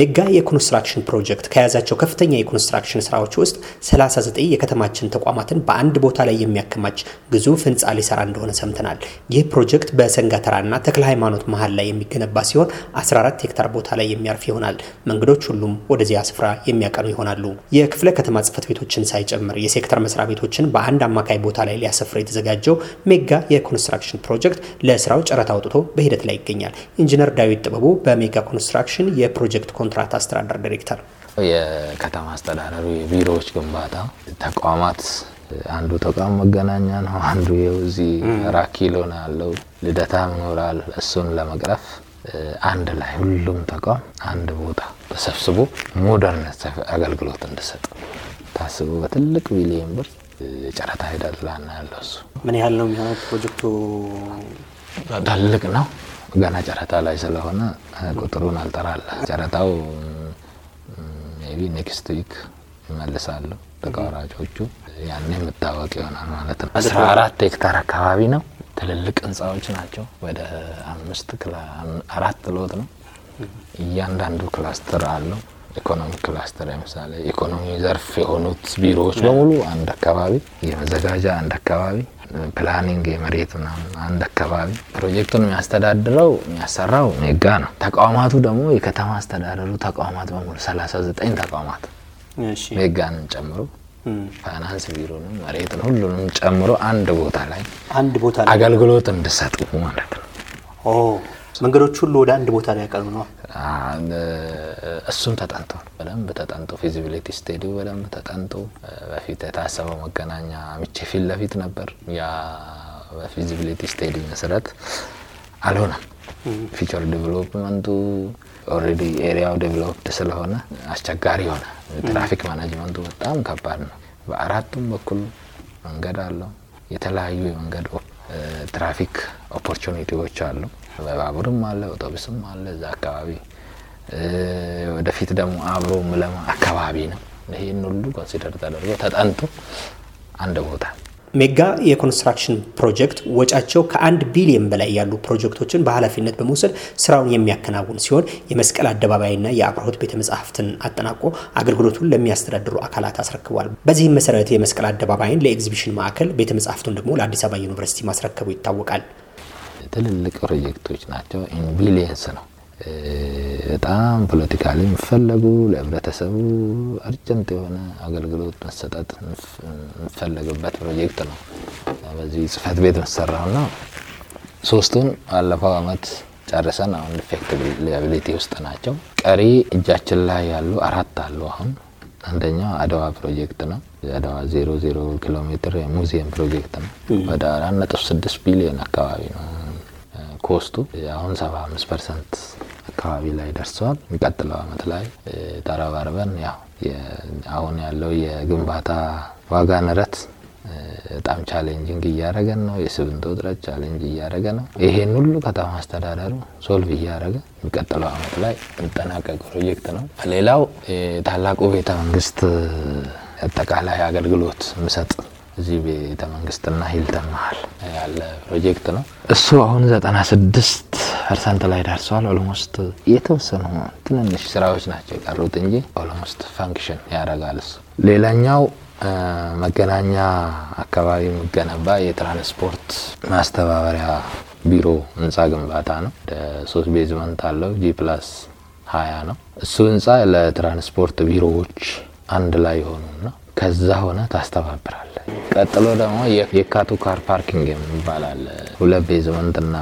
ሜጋ የኮንስትራክሽን ፕሮጀክት ከያዛቸው ከፍተኛ የኮንስትራክሽን ስራዎች ውስጥ 39 የከተማችን ተቋማትን በአንድ ቦታ ላይ የሚያከማች ግዙፍ ህንፃ ሊሰራ እንደሆነ ሰምተናል። ይህ ፕሮጀክት በሰንጋተራና ተክለ ሃይማኖት መሀል ላይ የሚገነባ ሲሆን 14 ሄክታር ቦታ ላይ የሚያርፍ ይሆናል። መንገዶች ሁሉም ወደዚያ ስፍራ የሚያቀኑ ይሆናሉ። የክፍለ ከተማ ጽህፈት ቤቶችን ሳይጨምር የሴክተር መስሪያ ቤቶችን በአንድ አማካይ ቦታ ላይ ሊያሰፍር የተዘጋጀው ሜጋ የኮንስትራክሽን ፕሮጀክት ለስራው ጨረታ አውጥቶ በሂደት ላይ ይገኛል። ኢንጂነር ዳዊት ጥበቡ በሜጋ ኮንስትራክሽን የፕሮጀክት ኮንትራክት አስተዳደር ዲሬክተር። የከተማ አስተዳደሩ የቢሮዎች ግንባታ ተቋማት አንዱ ተቋም መገናኛ ነው። አንዱ የዚህ ራኪ ሎና ያለው ልደታ ይኖራል። እሱን ለመቅረፍ አንድ ላይ ሁሉም ተቋም አንድ ቦታ ተሰብስቦ ሞደርን አገልግሎት እንዲሰጥ ታስቦ በትልቅ ቢሊየን ብር ጨረታ ሂደት ላና ያለው እሱ ምን ያህል ነው የሚሆነው ፕሮጀክቱ ትልቅ ነው። ገና ጨረታ ላይ ስለሆነ ቁጥሩን አልጠራለ። ጨረታው ሜቢ ኔክስት ዊክ ይመልሳሉ ተቋራጮቹ። ያኔ የምታወቅ ይሆናል ማለት ነው። አስራ አራት ሄክታር አካባቢ ነው። ትልልቅ ህንፃዎች ናቸው። ወደ አምስት አራት ሎት ነው። እያንዳንዱ ክላስተር አለው። ኢኮኖሚ ክላስተር ለምሳሌ ኢኮኖሚ ዘርፍ የሆኑት ቢሮዎች በሙሉ አንድ አካባቢ፣ የመዘጋጃ አንድ አካባቢ ፕላኒንግ የመሬት ምናምን አንድ አካባቢ ፕሮጀክቱን የሚያስተዳድረው የሚያሰራው ሜጋ ነው። ተቋማቱ ደግሞ የከተማ አስተዳደሩ ተቋማት በሙሉ 39 ተቋማት ሜጋንም ጨምሮ ፋይናንስ ቢሮንም መሬትን ሁሉንም ጨምሮ አንድ ቦታ ላይ አንድ ቦታ አገልግሎት እንድሰጡ ማለት ነው። መንገዶች ሁሉ ወደ አንድ ቦታ ላይ ያቀሉ ነው። እሱም ተጠንቶ በደንብ ተጠንቶ ፊዚቢሊቲ ስቴዲ በደንብ ተጠንቶ በፊት የታሰበው መገናኛ ምቼ ፊት ለፊት ነበር። ያ በፊዚቢሊቲ ስቴዲ መሰረት አልሆነም። ፊቸር ዴቨሎፕመንቱ ኦልሬዲ ኤሪያው ዴቨሎፕድ ስለሆነ አስቸጋሪ ሆነ። ትራፊክ ማናጅመንቱ በጣም ከባድ ነው። በአራቱም በኩል መንገድ አለው የተለያዩ የመንገድ ትራፊክ ኦፖርቹኒቲዎች አሉ። በባቡርም አለ፣ በአውቶቡስም አለ። እዛ አካባቢ ወደፊት ደግሞ አብሮ ምለማ አካባቢ ነው። ይህን ሁሉ ኮንሲደር ተደርጎ ተጠንቶ አንድ ቦታ ሜጋ የኮንስትራክሽን ፕሮጀክት ወጫቸው ከአንድ ቢሊዮን በላይ ያሉ ፕሮጀክቶችን በኃላፊነት በመውሰድ ስራውን የሚያከናውን ሲሆን የመስቀል አደባባይና የአብርሆት ቤተ መጽሐፍትን አጠናቆ አገልግሎቱን ለሚያስተዳድሩ አካላት አስረክቧል። በዚህም መሰረት የመስቀል አደባባይን ለኤግዚቢሽን ማዕከል፣ ቤተ መጽሐፍቱን ደግሞ ለአዲስ አበባ ዩኒቨርሲቲ ማስረከቡ ይታወቃል። ትልልቅ ፕሮጀክቶች ናቸው። ቢሊየንስ ነው በጣም ፖለቲካሊ የሚፈለጉ ለህብረተሰቡ አርጀንት የሆነ አገልግሎት መሰጠት የሚፈለግበት ፕሮጀክት ነው። በዚህ ጽህፈት ቤት መሰራው ና ሶስቱን ባለፈው አመት ጨርሰን አሁን ዲፌክቲቢሊቲ ውስጥ ናቸው። ቀሪ እጃችን ላይ ያሉ አራት አሉ። አሁን አንደኛው አድዋ ፕሮጀክት ነው። አድዋ ዜሮ ዜሮ ኪሎ ሜትር የሙዚየም ፕሮጀክት ነው። ወደ አራት ነጥብ ስድስት ቢሊዮን አካባቢ ነው ኮስቱ። አሁን ሰባ አምስት ፐርሰንት አካባቢ ላይ ደርሷል። የሚቀጥለው አመት ላይ ተረባርበን ያው አሁን ያለው የግንባታ ዋጋ ንረት በጣም ቻሌንጂንግ እያደረገን ነው። የስብንቶ ጥረት ቻሌንጅ እያደረገ ነው። ይሄን ሁሉ ከተማ አስተዳደሩ ሶልቭ እያደረገ የሚቀጥለው አመት ላይ የሚጠናቀቅ ፕሮጀክት ነው። ሌላው ታላቁ ቤተ መንግስት አጠቃላይ አገልግሎት ምሰጥ እዚህ ቤተ መንግስትና ሂልተን መሀል ያለ ፕሮጀክት ነው እሱ። አሁን ዘጠና ስድስት ፐርሰንት ላይ ደርሰዋል። ኦልሞስት የተወሰኑ ትንንሽ ስራዎች ናቸው የቀሩት እንጂ ኦልሞስት ፋንክሽን ያደርጋል እሱ። ሌላኛው መገናኛ አካባቢ የሚገነባ የትራንስፖርት ማስተባበሪያ ቢሮ ህንፃ ግንባታ ነው። ሶስት ቤዝመንት አለው። ጂ ፕላስ ሀያ ነው እሱ ህንፃ። ለትራንስፖርት ቢሮዎች አንድ ላይ የሆኑና ከዛ ሆነ ታስተባብራል ቀጥሎ ደግሞ የካቱ ካር ፓርኪንግ የሚባል አለ። ሁለት ቤዝመንት እና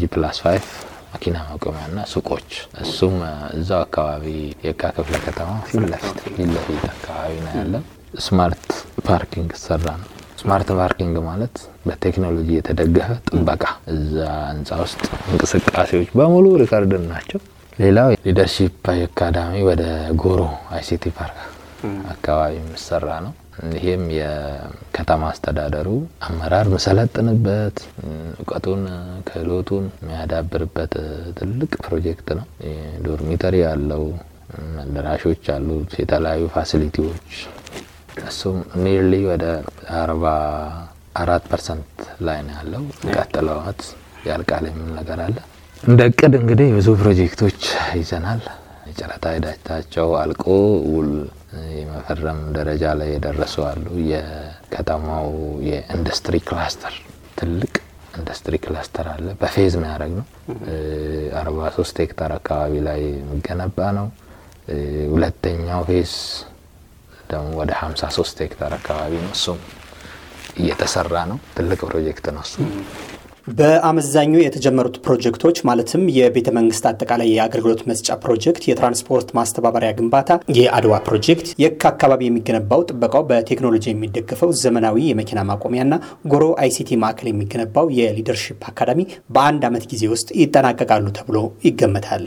ጂ ፕላስ ፋይቭ መኪና መቆሚያ እና ሱቆች፣ እሱም እዛው አካባቢ የካ ክፍለ ከተማ ፊት ለፊት አካባቢ ነው ያለው። ስማርት ፓርኪንግ ሰራ ነው። ስማርት ፓርኪንግ ማለት በቴክኖሎጂ የተደገፈ ጥበቃ፣ እዛ ህንፃ ውስጥ እንቅስቃሴዎች በሙሉ ሪከርድን ናቸው። ሌላው ሊደርሺፕ አካዳሚ ወደ ጎሮ አይሲቲ ፓርክ አካባቢ የሚሰራ ነው። ይሄም የከተማ አስተዳደሩ አመራር መሰለጥንበት እውቀቱን ክህሎቱን የሚያዳብርበት ትልቅ ፕሮጀክት ነው። ዶርሚተሪ ያለው መደራሾች አሉት፣ የተለያዩ ፋሲሊቲዎች እሱም ኒርሊ ወደ አርባ አራት ፐርሰንት ላይ ነው ያለው። ቀጥለዋት ያልቃል የሚል ነገር አለ። እንደ እቅድ እንግዲህ ብዙ ፕሮጀክቶች ይዘናል። ጨረታ ሂደታቸው አልቆ ውል በመፈረም ደረጃ ላይ የደረሱ አሉ። የከተማው የኢንዱስትሪ ክላስተር ትልቅ ኢንዱስትሪ ክላስተር አለ። በፌዝ ሚያደረግ ነው። አርባ ሶስት ሄክታር አካባቢ ላይ የሚገነባ ነው። ሁለተኛው ፌዝ ደግሞ ወደ ሀምሳ ሶስት ሄክታር አካባቢ ነው። እሱም እየተሰራ ነው። ትልቅ ፕሮጀክት ነው እሱ። በአመዛኙ የተጀመሩት ፕሮጀክቶች ማለትም የቤተ መንግስት አጠቃላይ የአገልግሎት መስጫ ፕሮጀክት፣ የትራንስፖርት ማስተባበሪያ ግንባታ፣ የአድዋ ፕሮጀክት፣ የካ አካባቢ የሚገነባው ጥበቃው በቴክኖሎጂ የሚደገፈው ዘመናዊ የመኪና ማቆሚያና ጎሮ አይሲቲ ማዕከል የሚገነባው የሊደርሺፕ አካዳሚ በአንድ ዓመት ጊዜ ውስጥ ይጠናቀቃሉ ተብሎ ይገመታል።